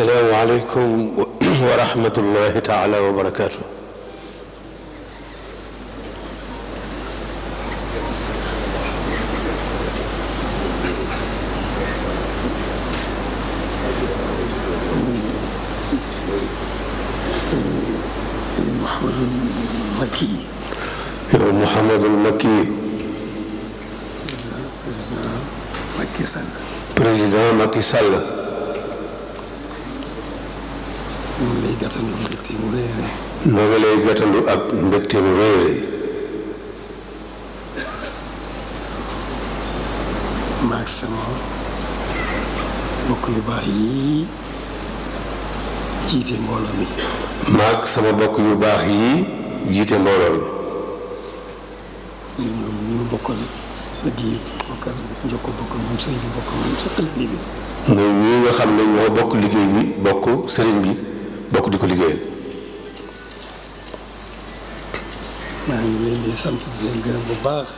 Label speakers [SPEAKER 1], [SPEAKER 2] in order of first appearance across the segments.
[SPEAKER 1] asalaamu aleykum wa rahmatullahi taala wa barakaatu yow Mouhamadul Makki président Macky Sall gàttandu lay gàttandu ak mbégte mu rëy rëy.
[SPEAKER 2] maag sama bokk yu baax
[SPEAKER 1] yii jiite mbooloo mi. bokk yu baax yii jiite mbooloo mi. ñu nga xam ne ñoo bokk liggéey bi bokk sëriñ bi. bokk di ko liggéeyal.
[SPEAKER 2] maa ngi leen di sant di leen gërëm bu baax.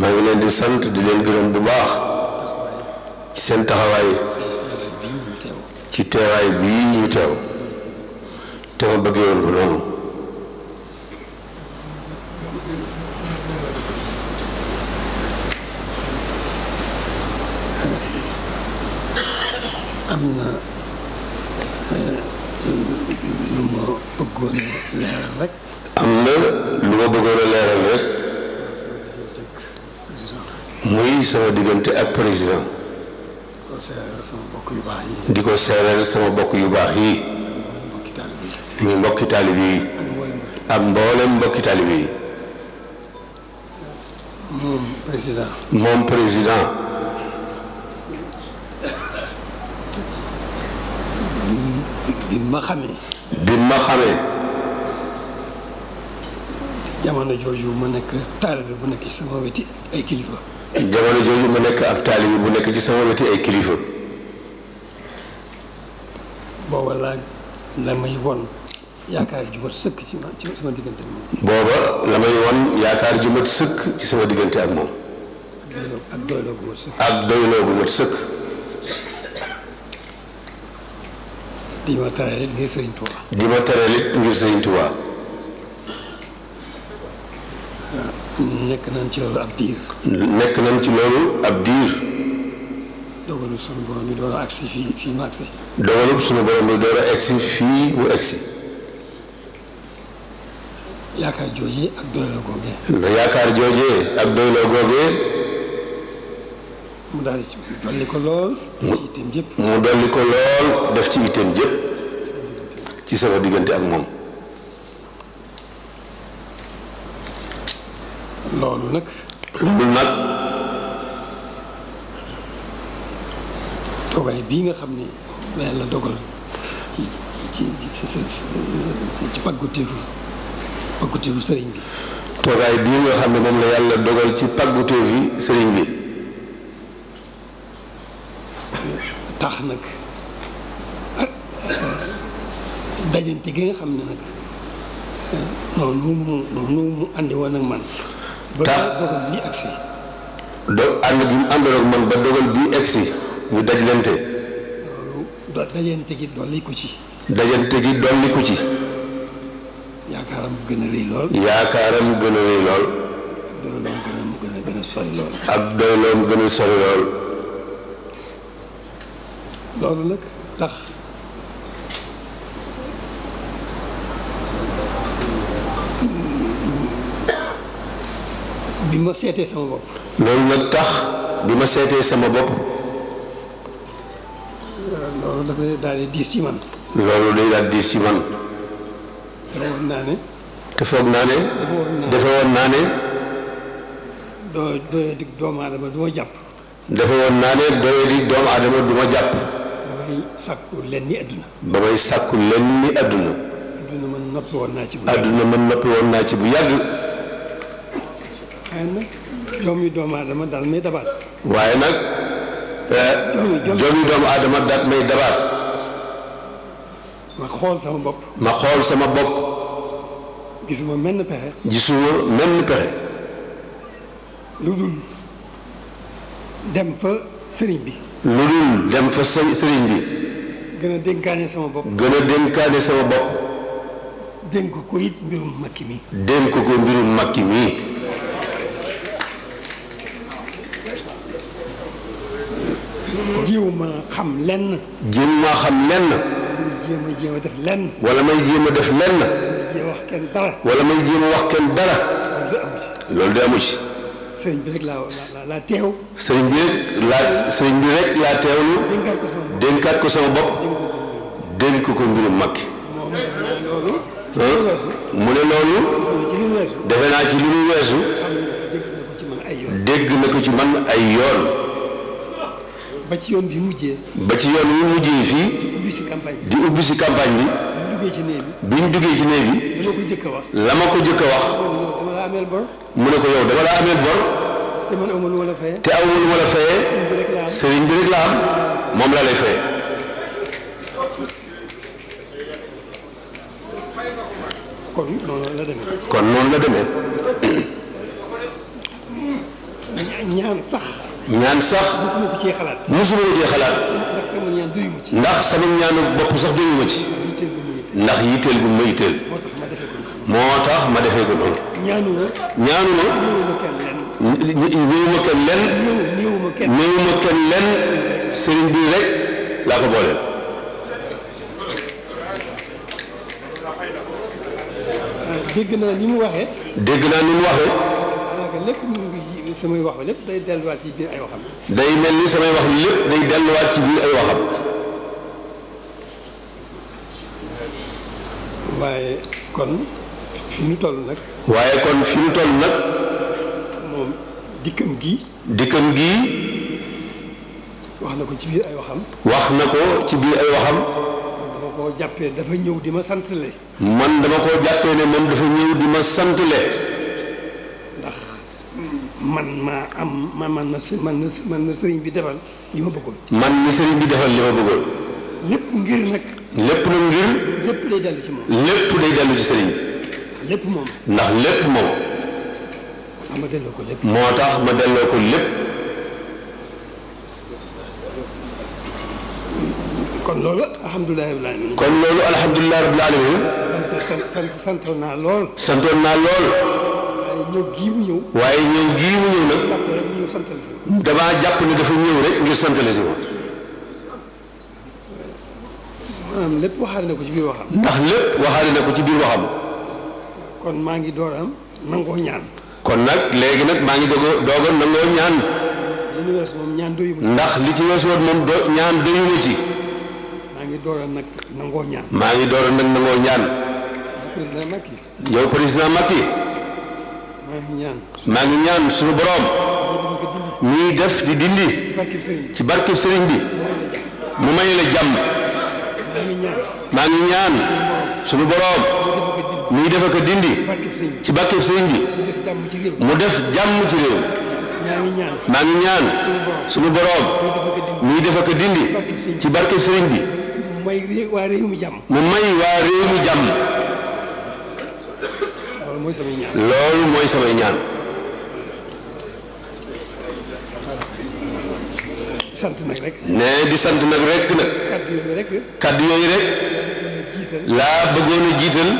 [SPEAKER 1] maa ngi leen di sant di leen gërëm bu baax. seen taxawaay. ci teewaay bii ñu teew. te ma bëggee woon ko noonu.
[SPEAKER 2] bëggoon a leeral
[SPEAKER 1] rek. am na lu ma bëggoon a leeral rek muy sama diggante ak président di ko seeral sama bokk yu baax yi muy mbokki taalib yi ak mboolem mbokki taalib yi
[SPEAKER 2] moom
[SPEAKER 1] président. ma xamee. bi ma xamee.
[SPEAKER 2] jamono jooju ma nekk taalibe bu nekk ci sama weti ay kilifa.
[SPEAKER 1] jamono jooju ma nekk ab taalibe bu nekk ci sama weti ay kilifa.
[SPEAKER 2] booba laa la may won yaakaar ju mat sëkk ci sama diggante ak moom.
[SPEAKER 1] booba la may won yaakaar ju mat sëkk ci sama diggante ak moom. ak doyloo gu mat sëkk. ak doyloo gu mat sëkk.
[SPEAKER 2] di ma teral it ngir sëriñ Touba.
[SPEAKER 1] di ma teral it ngir sëriñ
[SPEAKER 2] nekk nañ ci loolu ab diir. nekk nañ ci loolu ab diir. dogalu sunu borom bi door a agsi fii fii mu agsi.
[SPEAKER 1] dogalu sunu borom bi door a agsi fii mu agsi. yaakaar joojee ak doyloo googee. yaakaar joojee ak doyloo googee. mu daal di ci dolli ko lool. mu mu dolli ko lool def ci itam jëpp ci sama diggante ak moom.
[SPEAKER 2] loolu nag. loolu nag. toogaay bii nga xam ni la yàlla dogal ci ci ci ci pàgguteefu
[SPEAKER 1] sëriñ bi. toogaay bii nga xam ne moom la yàlla dogal ci pàgguteefu sëriñ bi.
[SPEAKER 2] tax nag dajante gi nga xam ne nag noonu mu noonu mu àndi ak man. ba dogal bii agsi.
[SPEAKER 1] do ànd gi mu àndoon ak man ba dogal bii agsi ñu dajlante.
[SPEAKER 2] dajante gi dolli ko ci.
[SPEAKER 1] dajante gi dolli ko ci. yaakaaram gën a rëy lool. yaakaaram gën a rëy lool. ak doyloom gën gën a sori lool. ak doyloom gën a sori lool.
[SPEAKER 2] loolu nag tax bi ma seetee sama bopp.
[SPEAKER 1] loolu nag tax bi ma seetee sama bopp.
[SPEAKER 2] loolu dafa daal di diis ci man.
[SPEAKER 1] loolu day daal diis ci man. naa ne. te foog naa ne. dafa
[SPEAKER 2] woon naa ne. doo doyadi doomu aadama du ma jàpp.
[SPEAKER 1] dafa woon naa ne doyadi doomu aadama du jàpp.
[SPEAKER 2] damay sàkku lenn ni àdduna damay woon naa ci bu
[SPEAKER 1] yàgg àdduna man noppi woon naa ci bu yàgg
[SPEAKER 2] waaye nag doomu aadama daal may dabaat
[SPEAKER 1] waaye nag joomi eh, doomu aadama daal may dabaat
[SPEAKER 2] ma xool sama bopp
[SPEAKER 1] ma xool sama bopp
[SPEAKER 2] gisuma menn pexe
[SPEAKER 1] gisuma menn pexe
[SPEAKER 2] lu dul dem fa sëriñ bi
[SPEAKER 1] lu dul dem fa së sëriñ bi.
[SPEAKER 2] gën a dénkaane sama bopp.
[SPEAKER 1] gën a dénkaane sama bopp.
[SPEAKER 2] dénk ko it mbirum makki mi.
[SPEAKER 1] dénk ko mbirum makki mi.
[SPEAKER 2] jiw ma xam lenn. jiw
[SPEAKER 1] ma xam lenn. jéem a jéem a def lenn. wala may jéem a def lenn. wala may a wax wala may kenn dara. loolu de amu
[SPEAKER 2] sëriñ bi rek laa teew.
[SPEAKER 1] sëriñ bi ko sama bopp dénk ko mbirum mag. mu ne loolu. defe naa ci li weesu. dégg na ko ci man ay yoon. ba ci yoon bi mu ba ci yoon mujjee fii.
[SPEAKER 2] di
[SPEAKER 1] ubbi si campagne bi. bi ñu duggee ci néeg bi la ma ko jëkk wax mu ne ko yow dama la ameel bor
[SPEAKER 2] te man aw ma lu ma la fayee. te
[SPEAKER 1] aw ma lu ma la moom la lay fayee.
[SPEAKER 2] kon noonu
[SPEAKER 1] la demee. kon noonu la demee. ñaan sax. ñaan sax.
[SPEAKER 2] musuma ko cee xalaat.
[SPEAKER 1] musuma ndax sama ñaan ñaanu bopp sax doyu ma ci. ndax yitteel bu ma yitteel. moo tax ma defee ko noonu. ñaanu na. néewuma kenn lenn néewuma kenn lenn sëriñ bi rek laa ko booleel
[SPEAKER 2] dégg naa ni mu waxee dégg naa ni mu waxee daanaka lépp mu ngi samay wax lépp day delluwaat ci biir ay waxam
[SPEAKER 1] day mel ni samay wax lépp day delluwaat ci biir ay waxam
[SPEAKER 2] waaye kon fi ñu toll nag waaye kon fi ñu toll nag moom dikkam gi dikkam gi wax na ko ci biir ay waxam wax na ko ci biir ay waxam dama koo jàppee dafa ñëw di ma santle le
[SPEAKER 1] man dama koo jàppee ne moom dafa ñëw di ma sant ndax
[SPEAKER 2] man maa am man man ma man man ma sëriñ bi defal li ma bëggoon
[SPEAKER 1] man mi sëriñ bi defal li ma bëggoon
[SPEAKER 2] lépp ngir nag
[SPEAKER 1] lépp nag ngir
[SPEAKER 2] lépp day dellu ci
[SPEAKER 1] moom lépp day dellu ci sëriñ bi ndax lépp moom ndax lépp moom tax ma delloo ko lépp. moo tax ma delloo ko lépp. kon
[SPEAKER 2] loolu alhamdulilah rabbil alamin. alamin. sant sant santoon lool.
[SPEAKER 1] santoon lool.
[SPEAKER 2] waaye ñëw gii mu ñëw. nag.
[SPEAKER 1] damaa jàpp ni dafa ñëw rek ngir santale si ma.
[SPEAKER 2] maanaam lépp waxaale na ko ci biir waxam. ndax
[SPEAKER 1] lépp waxaale na ko ci biir waxam.
[SPEAKER 2] kon maa ngi door am nangoo ñaan.
[SPEAKER 1] kon nag léegi nag maa ngi doog a doog nangoo ñaan. li ñu ndax li ci weesu woon moom do ñaan doyuma ci.
[SPEAKER 2] maa ngi door nag nangoo ñaan. maa ngi door a nag nangoo ñaan. président Macky. yow président Macky. maa ngi ñaan. maa ngi ñaan suñu borom.
[SPEAKER 1] ñuy def di dindi. ci barkeb sëriñ bi. mu may la jàmm. maa ngi ñaan. suñu borom. muy def ak a dindi ci bàkkeeb sëriñ bi mu def jàmm ci réew maa ngi ñaan suñu boroom muy def dindi ci barkeeb sëriñ bi
[SPEAKER 2] mu may waa réew mi jàmm
[SPEAKER 1] loolu mooy samay ñaan sant nag rek. nee di sant nag rek nag. kaddu yooyu
[SPEAKER 2] rek. kaddu yooyu rek.
[SPEAKER 1] laa bëggoon a jiital.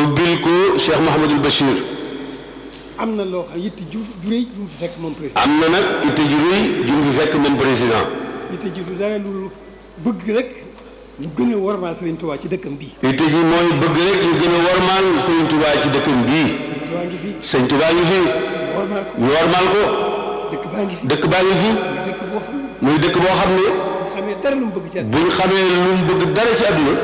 [SPEAKER 1] ubbil ko Cheikh Mouhamadul Bachir.
[SPEAKER 2] am na loo xam yitte ju rëy ju
[SPEAKER 1] am na nag yitte ju rëy ju
[SPEAKER 2] mu ñu gën a warmaal Serigne ci dëkkam bii. yitte ji mooy bëgg
[SPEAKER 1] rek ñu gën a warmaal Serigne Touba ci dëkkam bii. Serigne ngi fi. warmaal ko ñu ko. dëkk baa ngi fi. dëkk boo xam ne. muy dëkk boo xam ne. bu xamee dara lu mu bëgg ci àdduna. bu ñu xamee lu mu bëgg dara ci àdduna.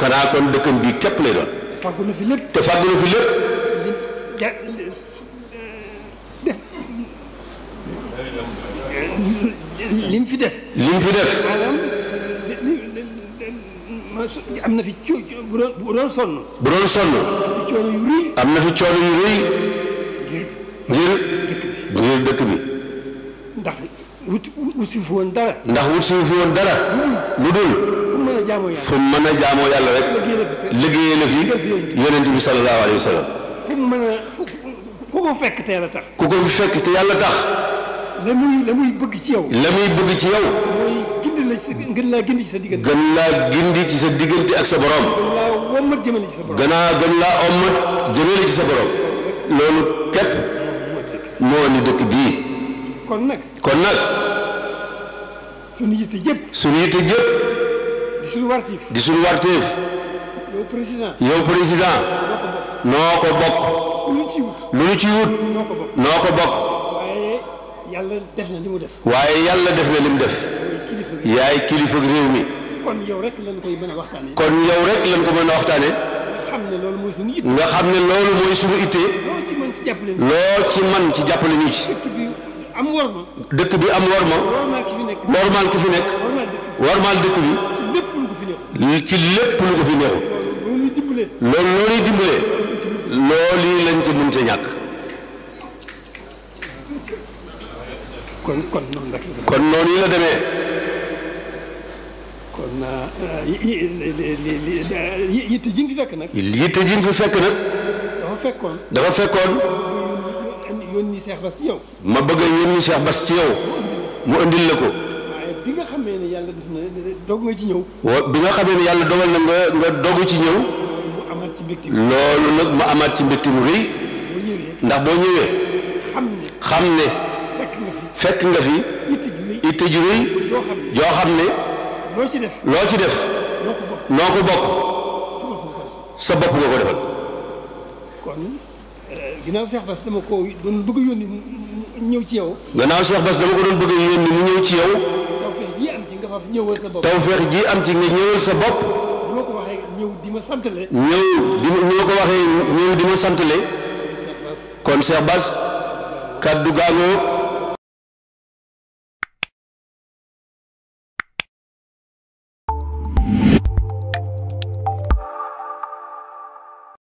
[SPEAKER 1] kanaa kon dëkkam bii képp lay doon. te fàggu na fi lépp. te fàggu na fi lépp. li mu fi def. li mu fi def. maanaam
[SPEAKER 2] am na fi coo bu doon sonn.
[SPEAKER 1] bu doon sonn. am na fi coono yu rëy. am na fi coono yu rëy. wut si fu ndax wut si fu woon dara. lu dul. fu mu mën a jaamoo yàlla fu a jaamoo yàlla rek. liggéeyee la fi yonent bi sallallahu alayhi wa sallam.
[SPEAKER 2] fu mu ku ko fekk te yàlla tax.
[SPEAKER 1] ko fekk yàlla tax.
[SPEAKER 2] la muy la muy bëgg ci yow. la muy bëgg ci yow. mooy gindi la ci gën laa
[SPEAKER 1] gindi ci sa diggante. gën laa gindi ci ak sa borom. gën
[SPEAKER 2] laa ommat jëmale gën laa
[SPEAKER 1] gën jëmale ci sa borom. loolu képp moo ni dëkk bii. kon nag kon nag. suñu yitte jëpp. suñu yitte jëpp. di suñu warteef. di suñu warteef. yow président. yow président. noo ko bokk. lu ñu ci wut. lu noo ko
[SPEAKER 2] bokk. waaye yàlla def na li mu def.
[SPEAKER 1] waaye yàlla def na li mu def. yaay kilifa réew mi.
[SPEAKER 2] kon yow rek lañ koy mën a waxtaanee.
[SPEAKER 1] kon yow rek lañ ko mën a waxtaanee.
[SPEAKER 2] nga xam ne loolu mooy suñu
[SPEAKER 1] yitte. nga xam ne loolu mooy suñu yitte. loo ci man ci jàppale ñu ci. am worma. dëkk bi am worma. wormaal ki
[SPEAKER 2] fi nekk wormaal ki fi nekk.
[SPEAKER 1] wormaal dëkk bi. ci lépp lu ko ci lépp lu ko fi neexul. loolu loolu loo ñuy dimbalee. loolu lañ ci mën ca ñàkk.
[SPEAKER 2] kon kon noonu la. kon noonu la demee. Ah, ah, yitte ji fi fekk nag. yitte fekk dafa fekkoon. yónni Cheikh Bass ci yow. ma
[SPEAKER 1] bëgg a yónni Cheikh Bass ci yow. mu andil la ko.
[SPEAKER 2] waaye bi nga xamee ne yàlla ci ñëw.
[SPEAKER 1] bi nga xamee ne yàlla dogal na nga nga dogu ci ñëw. mu ci mbégte loolu nag mu amaat ci mbégte mu ndax boo ñëwee. xam ne fekk nga fi itte ju joo xam ne. loo ci def loo ci def. noo ko bokk sa bopp nga ko defal.
[SPEAKER 2] ginnaaw Cheikh Bass dama ko doon bëgg a yónni mu ñëw ci yow.
[SPEAKER 1] gannaaw Cheikh Bass dama ko doon mu ci yow.
[SPEAKER 2] tawfeex ji am ci nga fa ñëwal sa bopp.
[SPEAKER 1] ji sa bopp.
[SPEAKER 2] bu ñëw di ma santale. ñëw
[SPEAKER 1] di ma bu ma ko waxee ñëw di ma santale. kon Cheikh Bass kaddu gaangoo.